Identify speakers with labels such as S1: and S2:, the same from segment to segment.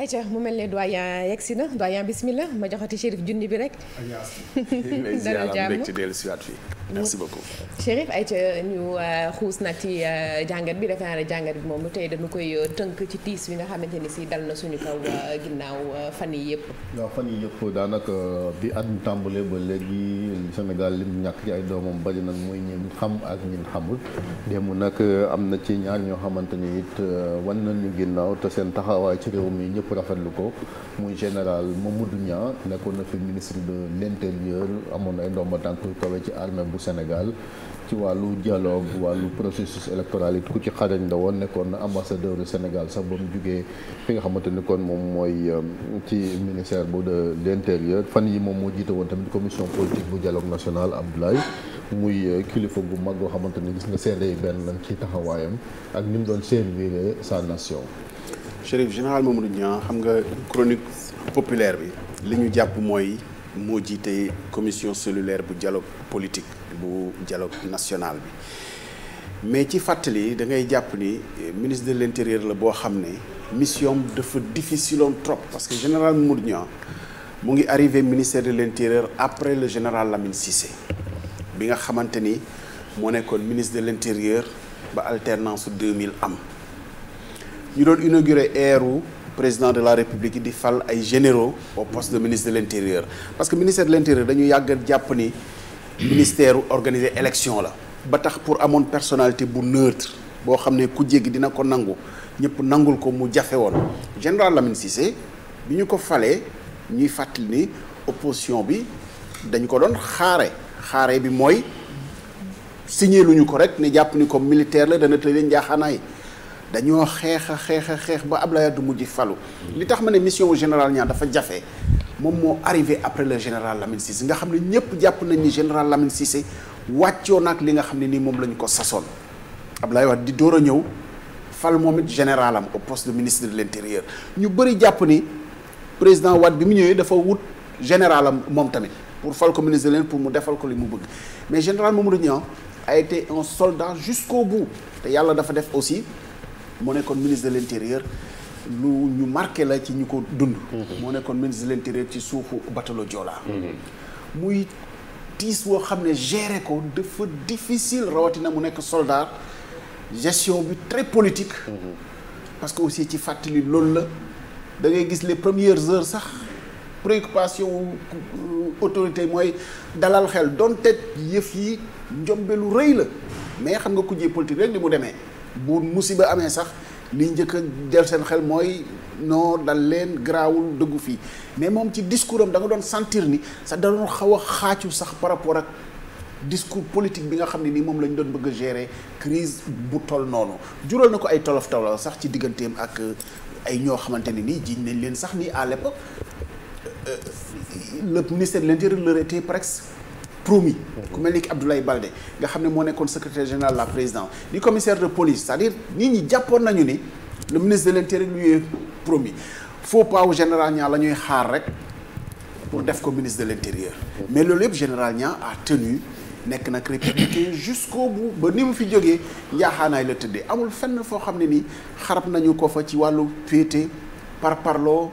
S1: ayca mu mel ne doyen yegg si na doyen bismillah ma joxati Chérif junni bi rek.
S2: dana jàmm merci beaucoup.
S1: Chérif ayca ñu euh, xuus na ci euh, jàngat bi defe naa ne jàngat bi moom tey dañu koy euh, tënk ci tiis bi nga xamante ni si dal na suñu kaw ginnaaw fan yi yëpp.
S3: waaw fan yi yëpp daanaka bi at mi tàmbalee ba léegi Sénégal lim ñàkk ci ay doomam bari nag mooy ñi xam ak ñi xamul. démb nag am na ci ñaar ñoo xamante ni it wan nañu ginnaaw te seen taxawaay ci réew mi ñëpp. ñëpp rafetlu ko muy général Mamadou Niang nekkoon na fi ministre de l'intérieur amoon ay ndomba tànk yu ci armée bu Sénégal ci wàllu dialogue wàllu processus électoral it ku ci xarañ la nekkoon na ambassadeur du Sénégal sax ba mu jugee fi nga xamante ni kon moom mooy euh, ci ministère bu de l'intérieur fan yi moom moo jiite woon tamit commission politique bu dialogue national Abdoulaye muy euh, kilifa gu mag goo xamante ni gis nga seede yi benn lañ ci taxawaayam ak ni mu doon servir sa nation
S2: Chérif général Mamadou Niang xam nga chronique populaire bi li ñu jàpp mooy moo jiite commission cellulaire bu dialogue politique bu dialogue national bi mais ci fàttali da ngay jàpp ni ministre de l'intérieur la boo xam ne mission dafa difficile woon trop parce que général Mamadou mu ngi arrivé ministère de l'intérieur après le général Lamine Cissé bi nga xamante ni moo nekkoon ministre de l'intérieur ba alternance 2000 am ñu doon inauguré eeru président de la république di fal ay généraux au poste de ministre de l' intérieur parce que ministère de l' intérieur dañu yàgg jàpp ni ministère organiser élection la ba tax pour amoon personnalité bu neutre boo xam ne ku jéggi dina ko nangu ñëpp nangul ko mu jafe woon général Lamine Cissé bi ñu ko falee ñuy fàttali ni opposition bi dañ ko doon xaare xaare bi mooy signé luñu ko rek ne jàpp ni comme militaire la dana tëddee njaaxaanaay dañoo xeex a xeex ba ab ba Abdoulaye du mujj falu li tax ma ne mission général Niang dafa jafe moom moo arrivé après le général Lamine Cissé nga xam ne ñëpp jàpp nañ ni général Lamine Cissé wàccoo nag li nga xam ne nii moom lañu ko sasoon lay Wade di door a ñëw fal moom it général am au poste de ministre de l' ñu bëri jàpp ni président Wade bi mu ñëwee dafa wut général am moom tamit pour fal ko ministre pour mu defal ko li mu bëgg mais général Mamadou Niang a été un soldat jusqu'au bout te yàlla dafa def aussi moo nekkoon ministre de l' lu ñu marqué la ci ñu ko dund. Mhm. moo nekkoon ministre de l' intérieur ci suufu batalo Joola. Mhm. muy tiis woo xam ne gérer ko dafa difficile rawatina mu nekk soldat gestion bi très politique. Mhm. parce que aussi ci fàttali loolu la da ngay gis les premières heures sax. préoccupation euh, autorité mooy dalal xel donte yëf yi njombe lu rëy la mais xam nga kujjee politique rek ni mu demee bu musiba amee sax li njëkk a jël seen xel mooy noo dal leen garaawul dëggu fii mais moom ci discours am da nga doon sentir ni sax da doon xaw a xaacu sax par rapport ak discours politique bi nga xam ne nii moom lañ doon bëgg a gérer crise bu toll noonu jural na ko ay tolof tolof sax ci digganteem ak euh, ay ñoo xamante ne nii jiñ nañ leen sax nii à l'époque euh, euh, le ministère de l'Intérieur leur était promis ku mel ni ki Abdoulaye Balde nga xam ne moo nekkoon secrétaire général la présidence li commissaire de police cest dire nit ñi jàppoon nañu ni le ministre de l'intérieur lui est promis faux pas général ñaar la ñuy xaar rek pour def ko ministre de l'intérieur mais loolu yëpp général ñaar a tenu nekk nag républicain jusqu'au bout ba ni mu fi jógee njaaxaanaay la tëddee amul fenn foo xam ne ni xarab nañu ko fa ci wàllu féete par parloo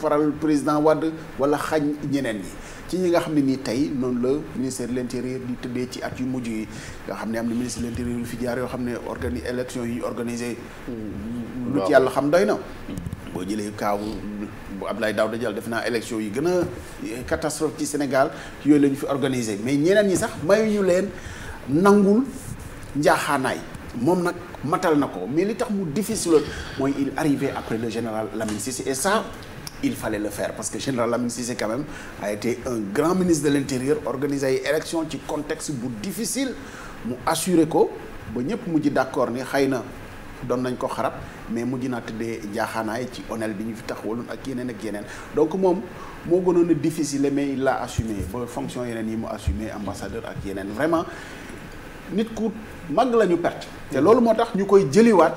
S2: faral président Wade wala xañ ñeneen ñi ci ñi nga xam ne nii tey noonu la ministère de l'intérieur di tëddee ci at yu mujj yi nga xam ne am na ministre de l'intérieur yu fi jaar yoo xam ne organi élection yu ñu organisé mm-hmm. yàlla xam doy na boo jëlee kaawu bu Abdoulaye Daouda Diallo def naa élection yi gën a catastrophe ci Sénégal yooyu la fi organiser mais ñeneen ñi sax mayuñu leen nangul njaaxaanaay moom nag matal na ko mais li tax mu difficile mooy il arrivé après le général Lamine Cissé et ça il fallait le faire parce que général Lamine Cissé quand même a été un grand ministre de l'intérieur organisé ay élection ci contexte bu difficile mu assuré ko ba ñëpp mujj d'accord ni xëy na doon nañ ko xarab mais mujj naa tëddee jaaxaanaay ci onel bi ñu fi tax taxawaloon ak yeneen ak yeneen donc moom moo gënoon a difficile mais il l'a assumé ba fonction yeneen yi mu assumé ambassadeur ak yeneen vraiment nit ku mag la ñu perte. te loolu moo tax ñu koy jëliwaat.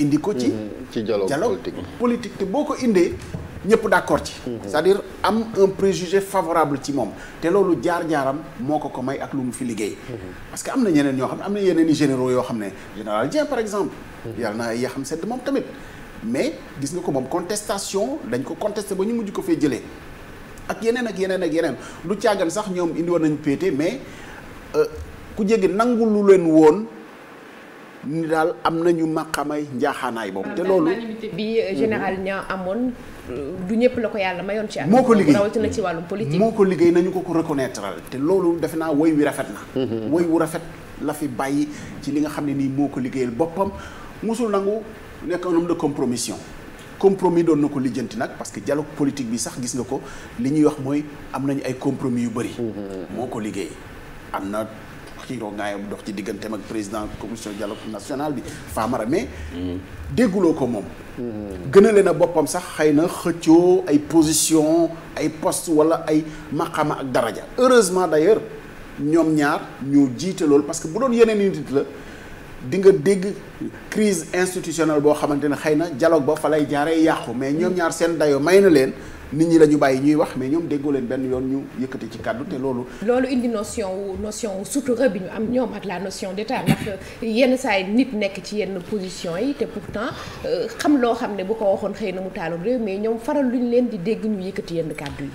S2: indi ko ci mm-hmm. dialogue politique ñëpp d'accord ci mhm. c'est-à-dire am un préjugé favorable ci moom te loolu jaar-jaaram moo ko ko may ak lu mu fi liggéey mhm. parce que am na ñeneen ñoo xam ne am na yeneen i yoo xam ne général Dieng par exemple mhm. yàlla na yaa xam sedd moom tamit mais gis nga ko moom contestation dañ ko contesté ba ñu mujj ko fee jëlee ak yeneen ak yeneen ak yeneen lu càggan sax ñoom indi woon nañu pété mais euh, ku jéggi nangu lu leen woon ni daal am na ñu nañu màqamay njaaxaanaay boobu. te loolu
S1: bi euh, général ña amoon du ñëpp la ko yàlla mayoon ci. moo ko liggéey rawatina ci wàllum politique. moo
S2: ko liggéey nañu ko ko reconnaître te loolu defe naa woy wi rafet na. Mhm. woy wu rafet la fi bàyyi ci li nga xam ne nii moo ko liggéeyal boppam musul nangu nekk un homme de compromission. compromis doon na ko lijjanti nag parce que dialogue politique bi sax gis nga ko li ñuy wax mooy am nañu ay compromis yu bëri. Mhm. moo ko liggéey am na. xiiroo ngaayam dox ci digganteem ak président commission dialogue national bi faamara mais dégguloo ko moom gënale a boppam sax xëy na xëccoo ay position ay poste wala ay maqama ak daraja heureusement d'ailleurs ñoom ñaar ñoo jiite loolu parce que bu doon yeneen nit la di nga dégg crise institutionnelle boo xamante ne xëy na dialogue ba fa lay jaaree yàqu mais ñoom ñaar seen dayoo may na leen nit ñi la ñu bàyyi ñuy wax mais ñoom déggoo leen benn yoon ñu yëkkati ci kàddu te loolu.
S1: loolu indi notion wu notion wu sutura bi ñu am ñoom ak la notion d'état ndax yenn saa yi nit nekk ci yenn position yi te pourtant euh, xam loo xam ne bu ko waxoon xëy na mu taalum réew mais ñoom faral lu ñu leen di dégg ñu yëkkati yenn kàddu yi.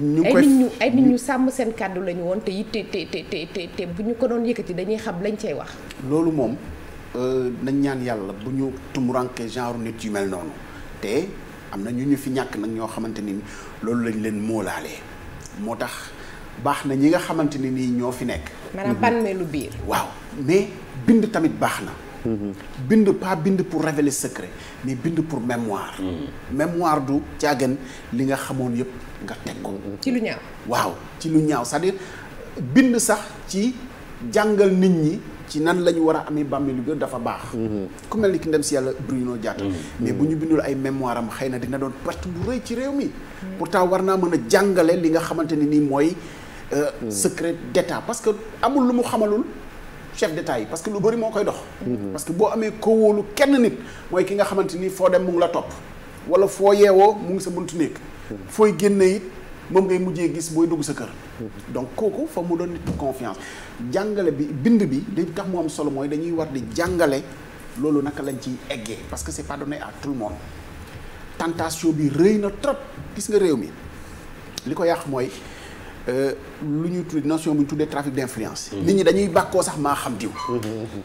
S3: ñu koy ay nit
S1: ñu ay nit ñu sàmm seen kàddu la ñu woon te it te te te bu ñu ko doon yëkkati dañuy xam lañ cey wax.
S2: loolu moom euh, nañ ñaan yàlla bu ñu tumurankee genre nit yu mel noonu am na ñu ñu fi ñàkk nag ñoo xamante ni loolu lañ leen moolaalee moo tax baax na ñi nga xamante ni nii ñoo fi nekk. maanaam mhm. lu biir. waaw mais bind tamit baax na. Mhm. bind pas bind pour révéler secret mais bind pour mémoire. Mhm. mémoire du caagan li nga xamoon yëpp nga teg ko. ci lu ñaaw. waaw ci lu ñaaw sax à bind sax ci jàngal nit ñi. ci nan la ñu war a amee lu gën dafa baax mhm. ku mel ni ki ndem si yàlla Bruno Diatta mhm. mais bu ñu bindul ay mémoire am xëy na dina doon perte bu rëy ci réew mi pourtant war naa mën a jàngale li nga xamante ne nii mooy euh, mhm. secret d'état parce que amul lu mu xamalul chef d'état yi parce que lu bëri moo koy dox parce que boo amee ko wóolu kenn nit mooy ki nga xamante ni foo dem mu la topp wala foo yeewoo mu ngi sa buntu néeg fooy génne it moom ngay mujjee gis booy dugg sa kër. donc kooku fa mu doon nit jàngale bi bind bi li tax mu solo mooy dañuy war di jàngale loolu naka lañ ciy eggee parce que c'est pas à tout le bi rëy na trop gis nga réew mi li ko yàq mooy euh, lu ñuy tuddee bu ñu tuddee trafic d'influence. Mm-hmm. nit ñi dañuy bàkkoo sax maa xam diw. Mm-hmm.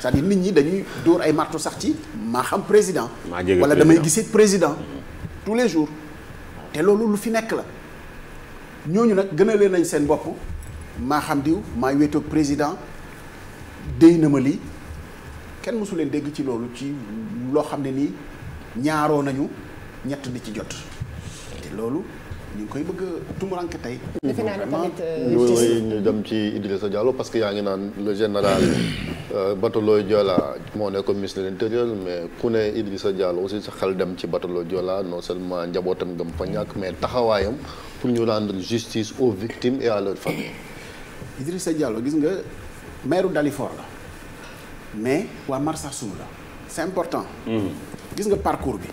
S2: cest à nit ñi dañuy dóor ay marto sax ci maa xam président. wala damay gisee président mm-hmm. tous les jours. te loolu lu fi nekk la ñooñu nag gënalee nañ seen bopp maa xam diw maa wéetoog président déy na ma lii kenn mësu leen dégg ci loolu ci loo xam ne nii ñaaroo nañu ñett di ci jot te loolu ñu ngi koy bëgg a tumuranke tey. defe naa ne
S3: tamit oui euh, parce que yaa ngi naan le général euh, Batoloy Diola moo nekkoon ministre de mais ku ne Idrissa Diallo aussi sa xel dem ci Batoloy Diola non seulement njabootam gëm fa ñàkk mais taxawaayam pour ñu rendre justice aux victimes et à leurs familles. Idrissa Diallo gis nga maire Dalifort la
S2: mais waa Marsassoum la c'est important. Mm. gis nga parcours bi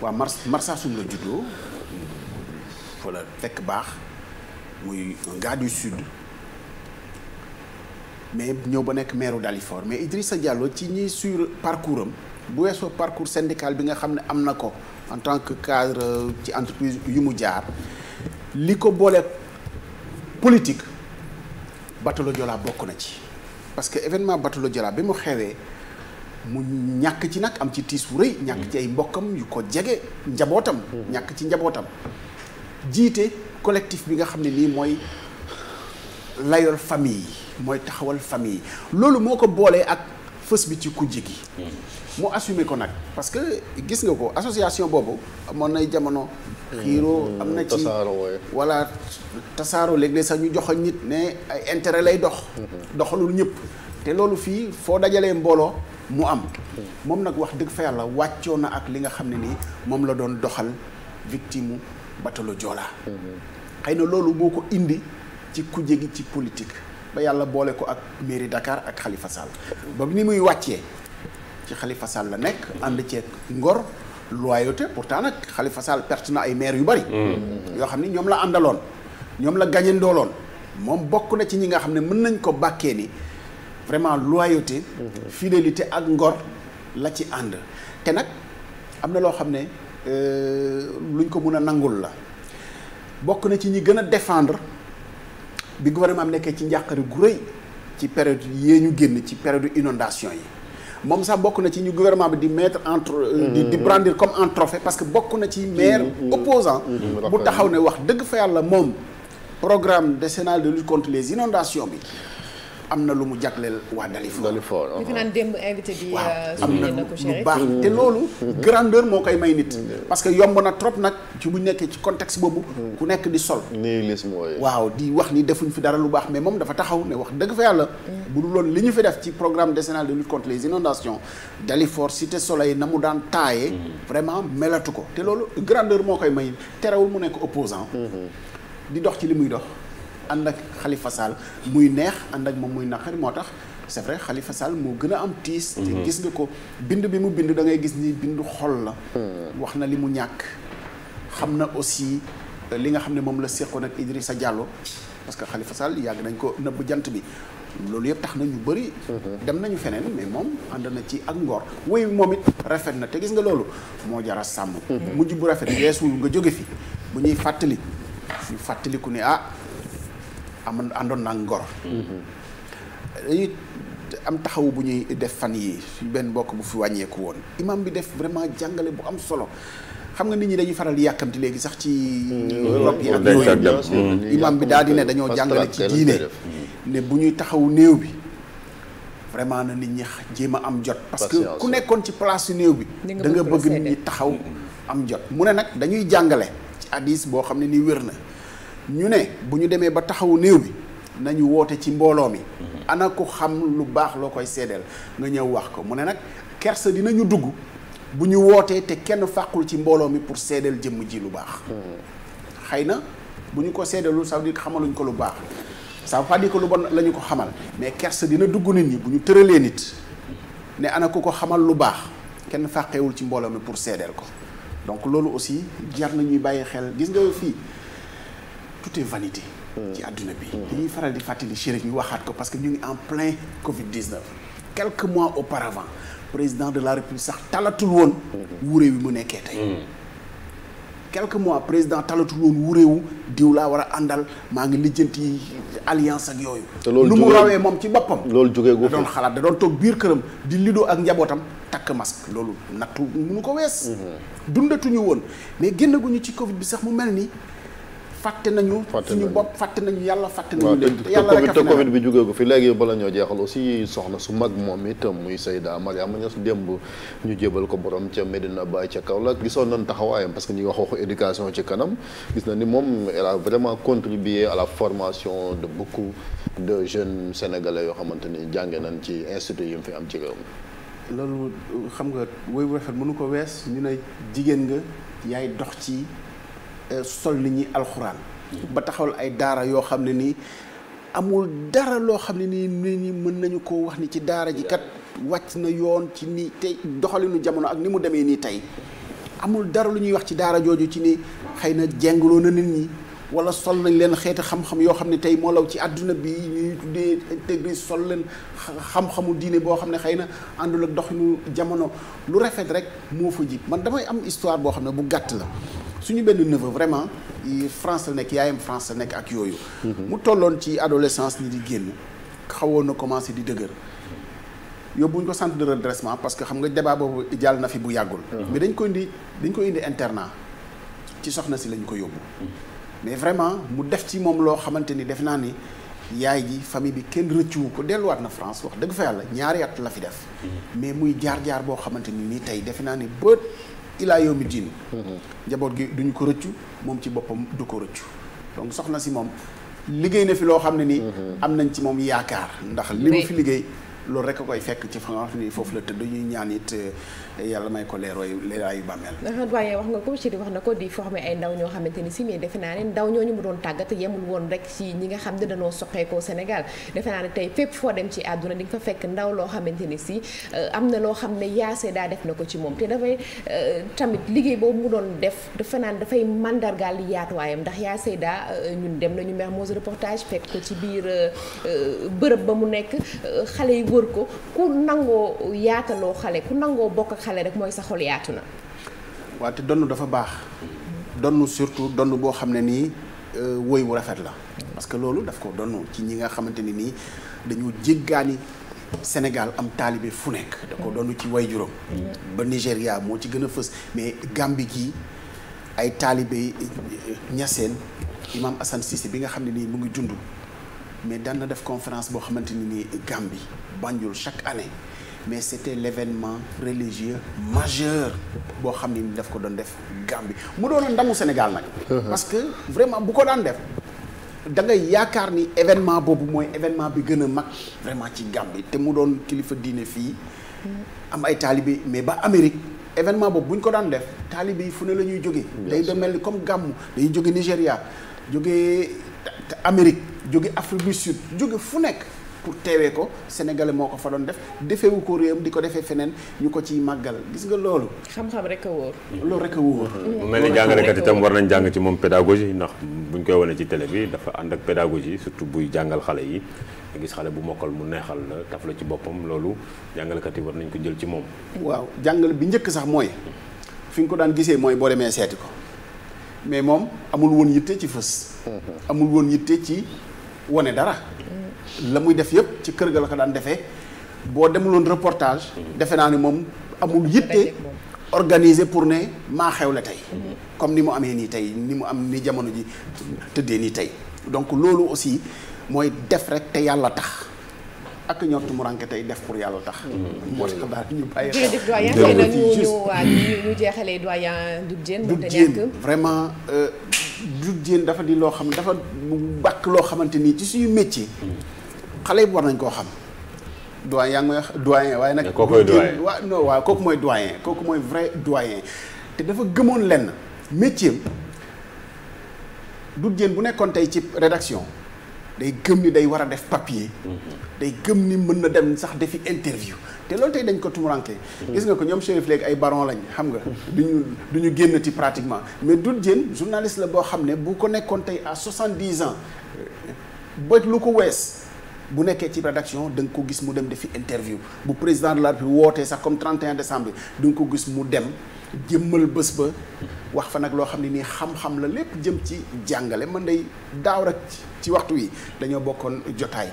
S2: waa Mars Marsassoum la juddoo. fa la fekk baax muy un gars du sud mais ñëw ba nekk maire Dalifort mais sa Diallo ci ñi sur parcours am bu weesoo parcours syndical bi nga xam ne am na ko en tant que cadre euh, ci entreprise yu mu jaar li ko boole politique Batalo Joola bokk na ci parce que événement Batalo Joola bi mu xewee mu ñàkk ci nag am ci tiis wu rëy ñàkk ci ay mbokkam yu ko jege njabootam mm-hmm. ñàkk ci njabootam jiite collectif bi nga xam ne nii mooy layool famille yi mooy taxawal famille loolu moo ko boolee ak fës bi ci kujje gi hmm. mu assume ko nag parce que gis nga ko association boobu amoon nay jamono
S3: xiiroo hmm. am na ci
S2: wala tasaaro léeg-léeg sax ñu joxoñ nit ne ay intérêt lay dox hmm. doxalul ñëpp te loolu fii foo dajalee mbooloo mu am moom nag wax dëgg fa yàlla wàccoo na ak li nga xam ne nii moom la doon doxal victime batalu Joola xëy na loolu boo ko indi ci kuje gi ci politique ba yàlla boole ko ak mairie Dakar ak Khalifa Sall ba ni muy wàccee ci Khalifa Sall la nekk ànd ceeg ngor loyauté pourtant nag Khalifa Sall perte na ay maire yu bari mm-hmm. yoo xam ne ñoom la àndaloon ñoom la gañandooloon moom bokk na ci ñi nga xam ne mën nañ ko bàkkee ni vraiment loyauté mm-hmm. fidélité ak ngor la ci ànd te nag am na loo xam ne Euh, luñ ko mun a nangul la bokk na ci ñi gën a défendre bi gouvernement am nekkee ci njàqare gu rëy ci période yee ñu génn ci période inondation yi moom sax bokk na ci ñu gouvernement bi di mettre entre euh, di di mm-hmm. brandir comme un trophée parce que bokk na ci maire mm-hmm. Mm-hmm. opposant bu taxaw ne wax dëgg fa yàlla moom programme décennal de lutte contre les inondations bi am na lu mu jagleel waa Dalifort. Dalifort waaw fi
S1: naan uh-huh. démb invité bi. Euh, am na lu baax mm-hmm. te
S2: loolu. Mm-hmm. grandeur moo koy may nit. Mm-hmm. parce que yomb na nag ci bu nekkee ci contexte boobu. ku nekk di sol. waaw di wax ni defuñ fi dara lu baax mais moom dafa taxaw ne wax dëgg fa yàlla. bu dul loolu li ñu fi def ci programme décennal de lutte contre les inondations Dalifort Cité Soleil na mu daan taaye. vraiment melatu ko te loolu grandeur moo koy may terewul mu nekk opposant di dox ci li muy dox. ànd ak Khalifa Sall muy neex ànd ak moom muy naqari moo tax c'est vrai Khalifa moo gën a am tiis. Mhm. te gis nga ko bind bi mu bind da ngay gis ni bindu xool na hmm. wax na li mu ñàkk xam na aussi euh, li nga xam ne moom la nag ak sa Diallo parce que Khalifa Sall yàgg nañ ko nëbb jant bi. loolu yëpp tax nañ ñu bëri. Mhm. dem nañu feneen mais moom ànd na ci ak ngor woy moom it rafet na te gis nga loolu moo jar a sàmm. Mhm. mujj bu rafet weesuwul nga jóge fi bu ñuy fàttali ne ah. am àndoon naa ngor. Mm-hmm. dañuy am taxaw bu ñuy def fan yi suñ benn mbokk bu fi wàññeeku woon imam bi def vraiment jàngale bu am solo. xam nga nit ñi dañuy faral yàkkamti léegi sax ci mm-hmm. rob yi ak yooyu mm-hmm. imam bi daal di ne dañoo jàngale ci diine ne bu ñuy taxaw néew bi vraiment na nit ñi jéem a am jot parce que ku nekkoon ci place yu néew bi
S3: da nga bëgg nit
S2: ñi taxaw am jot mu ne nag dañuy jàngale ci hadis boo xam ne ni wér na ñu ne bu ñu demee ba taxawu néew bi nañu woote ci mbooloo mi mhm. ana ko xam lu baax loo koy seedeel nga ñëw wax ko mu ne nag dina ñu dugg bu ñu wootee te kenn fàqul ci mbooloo mi pour seedeel jëmm ji lu baax mhm. xëy na bu ñu ko seedeelul ça veut dire xamaluñ ko lu baax ça veut pas dire ko xamal mais kersa dina dugg nit ñi bu ñu tëralee nit ne ana ku ko xamal lu baax kenn fàqeewul ci mbooloo mi pour seedeel ko donc loolu aussi jar na ñuy bàyyi xel gis nga fii tout est vanité. ci àdduna bi. dañuy faral di fàttali Chérif ñu waxaat ko parce que ñu ngi en plein Covid 19. quelques mois auparavant président de la République sax talatul woon. wuure wi mu nekkee tey. Mm. mois président talatul woon wuréewu diw laa war a àndal maa ngi lijjanti alliance ak yooyu lu mu rawee moom ci boppam loolu jógee gu doon xalaat da doon toog biir këram di lidoo ak njabootam takk masque loolu nattu munu ko wees mm-hmm. dundatuñu woon mais génnaguñu ci covid bi sax mu mel nii fàtte nañu. suñu bopp fàtte nañu yàlla fàtte nañu leen. yàlla rek te Covid bi
S3: jugee ko fi léegi bala ñoo jeexal aussi soxna su mag moom it muy Seyda Mariama Niass démb ñu jébal ko borom ca Medina Baye ca Kaolack gisoon nañ taxawaayam parce que ñu ngi wax waxu éducation ci kanam gis na ni moom elle a vraiment contribué à la formation de beaucoup de jeunes sénégalais yoo xamante ni jànge nañ ci institut yi mu fi am ci réew mi.
S2: loolu xam nga woy rafet mënu ko wees ñu ne jigéen nga yaay dox ci. Euh, sol nit ñi alxuraan. ba taxawal ay daara yoo xam ne nii amul dara loo xam ne nii nit mën nañu ko wax ni ci daara ji kat wàcc na yoon ci nii tey doxalinu jamono ak ni mu demee nii tey amul dara lu ñuy wax ci daara jooju ci ni xëy na jengloo na nit ñi. wala sol nañ leen xeeti xam-xam yoo xam ne tey moo law ci àdduna bi ñuy tuddee intégré sol leen xam-xamu diine boo xam ne xëy na àndul ak doxinu jamono lu rafet rek moo fa jib man damay am histoire boo xam ne bu gàtt la suñu benn neveu vraiment France la nekk yaayam France la nekk ak yooyu. mu tolloon ci adolescence ni di génn xawoon na commencé di dëgër. yóbbuñ ko sant de redressement parce que xam nga débat boobu jàll na fi bu yàggul. Mhm. mais dañ ko indi dañ ko indi internat ci soxna si lañ ko yóbbu. vraiment mu def ci moom loo xamante ni def naa ni yaay ji famille bi kenn rëccu ko delluwaat na France wax dëgg fa yàlla ñaari at la fi def. Mhm. mais muy jaar jaar boo xamante ni nii tey defe naa ni bët. ilaa yawmi diin mhm. njaboot gi duñu ko rëccu moom ci boppam du ko rëccu donc soxna si moom liggéey na fi loo xam ne ni mhm. am nañ ci moom yaakaar ndax li mu fi liggéey loolu rek a koy fekk ci fa nga xam ni foofu la tëdd ñuy ñaan it eh, yàlla may ko leerooy leeraayu bàmmeel
S1: waaye wax nga ko ci di wax ko di former ay ndaw ñoo xamante ni si mais defe naa ne ndaw ñooñu mu doon tàggat yemul woon rek ci ñi nga xam ne dañoo soxeekoo Sénégal defe naa ne tey fépp foo dem ci àdduna di nga fa fekk ndaw loo xamante ni si eh, am na loo xam ne yaa daa def na ko ci moom te dafay eh, tamit liggéey boobu mu doon def dafa naan dafay mandargaal yaatuwaayam ndax yaasee daa ñun dem nañu Mermoz reportage fekk ko ci biir bërëb ba mu nekk xale yi wër ko ku nangoo yaataloo xale ku nangoo bokk ak xale rek mooy sa xol yaatu na.
S2: waaw te donn dafa baax. donn surtout donn boo xam ne nii euh, woy wu rafet la. parce que loolu daf ko donn ci ñi nga xamante ne nii dañoo jéggaani Sénégal am taalibe fu nekk. donn ci way juróom. ba Nigéria moo ci gën a fës mais Gambie gii ay taalibe Ñaseen euh, Imam Assane Cissé bi nga xam ne nii mu ngi dund. mais daan na def conférence boo xamante ni nii Gambie Banjul chaque année mais c'était l'événement religieux majeur boo xam ni daf ko doon def Gambie mu doon ndamu Sénégal nag. Uh-huh. parce que vraiment bu ko daan def. da yaakaar ni événement boobu mooy événement bi gën a mag vraiment ci Gambie te mu doon kilifa diine fii am ay taalibe mais ba Amérique événement boobu bu ñu ko daan def taalibe yi fu ne la ñuy jóge day doon mel ni comme gàmmu dañuy jóge Nigéria te Amérique jóge Afrique du Sud jóge fu nekk pour teewee ko sénégalais moo ko fa doon def defewu ko réew di ko defee feneen ñu ko ciy màggal gis nga loolu.
S1: xam-xam rek a loolu rek a mu mel ni jàngalekat itam
S2: war nañ jàng ci moom pédagogie ndax buñ koy wane ci télé bi dafa ànd ak pédagogie surtout buy jàngal xale yi gis xale bu mokkal mu neexal la taf la ci boppam loolu jàngalekat yi war nañ ko jël ci moom. waaw jàngal bi njëkk sax mooy fi nga ko daan gisee mooy boo demee seeti ko. mais moom amul woon yitte ci fës. amul woon yitte ci wane dara. la muy def yëpp ci kër ga la ko daan defee boo demuloon reportage. defe naa ne moom amul yitte. organiser pour ne maa xewle tey. comme ni mu amee nii tey ni mu am ni jamono ji tëddee nii tey donc loolu aussi mooy def rek te yàlla tax. ak ñoo tumuranke tey def pour yàlla tax. Mm-hmm. moo tax daal ñu bàyyi xel. jërëjëf doyen na ñu ñu
S1: waa ñu jeexalee doyen Doudou Diène. Doudou
S2: vraiment euh, Doudou Diène dafa di loo xam dafa bàkk loo xamante ni ci suñu métier. Mm-hmm. xale yi war nañ koo xam. doyen yaa ngi may wax waaye nag. kooku mooy doyen waaw non waaw kooku mooy doyen kooku mooy te dafa gëmoon lenn métier Doudou Diène bu nekkoon tey ci rédaction. day gëm ni day war a def papier. Mhm. day gëm ni mën na dem sax defi interview te loolu tey dañ ko tumuranke mhm. gis nga ko ñoom Chérif léegi ay baron lañ xam nga. du ñu génn génnati pratiquement mais du Diène journaliste la boo xam ne bu ko nekkoon tey à soixante-dix ans ba lu ko wees. bu nekkee ci rédaction danga ko gis mu dem defi interview bu président de la République wootee sax comme 31 décembre bi da nga ko gis mu dem jëmmal bés ba wax fa nag loo xam ne nii xam-xam la lépp jëm ci jàngale man day daaw rek ci waxtu wi dañoo bokkoon jotaay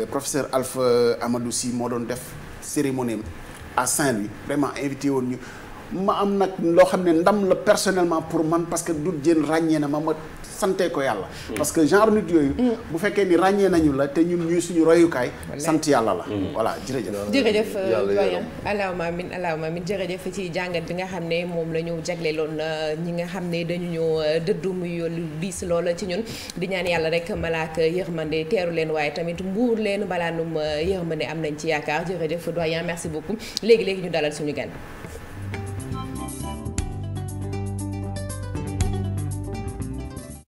S2: euh, professeur Alpha Amadou Sy moo doon def cérémonie à Saint-Louis vraiment invité woon ñu ma am nag loo xam ne ndam la personnellement pour man parce que Doudou Diène ràññee na ma ma sante ko yàlla mm. parce que genre nit yooyu mm. bu fekkee ni ràññee nañu la te ñun ñuy suñu royukaay sant yàlla la mm. voilà jërëjëf jërëjëf euh, doyen
S1: allahumma amin allahumma amin jërëjëf ci jàngat bi nga xam ne moom la ñu jagleeloon euh, ñi nga xam ne dañu ñëw euh, dëddu muy lu diis loola ci ñun di ñaan yàlla rek malaaka yërmande teeru leen waaye tamit mbuur leen balaanum yërmande am nañ ci yaakaar jërëjëf doyen merci beaucoup léegi-léegi ñu dalal suñu gan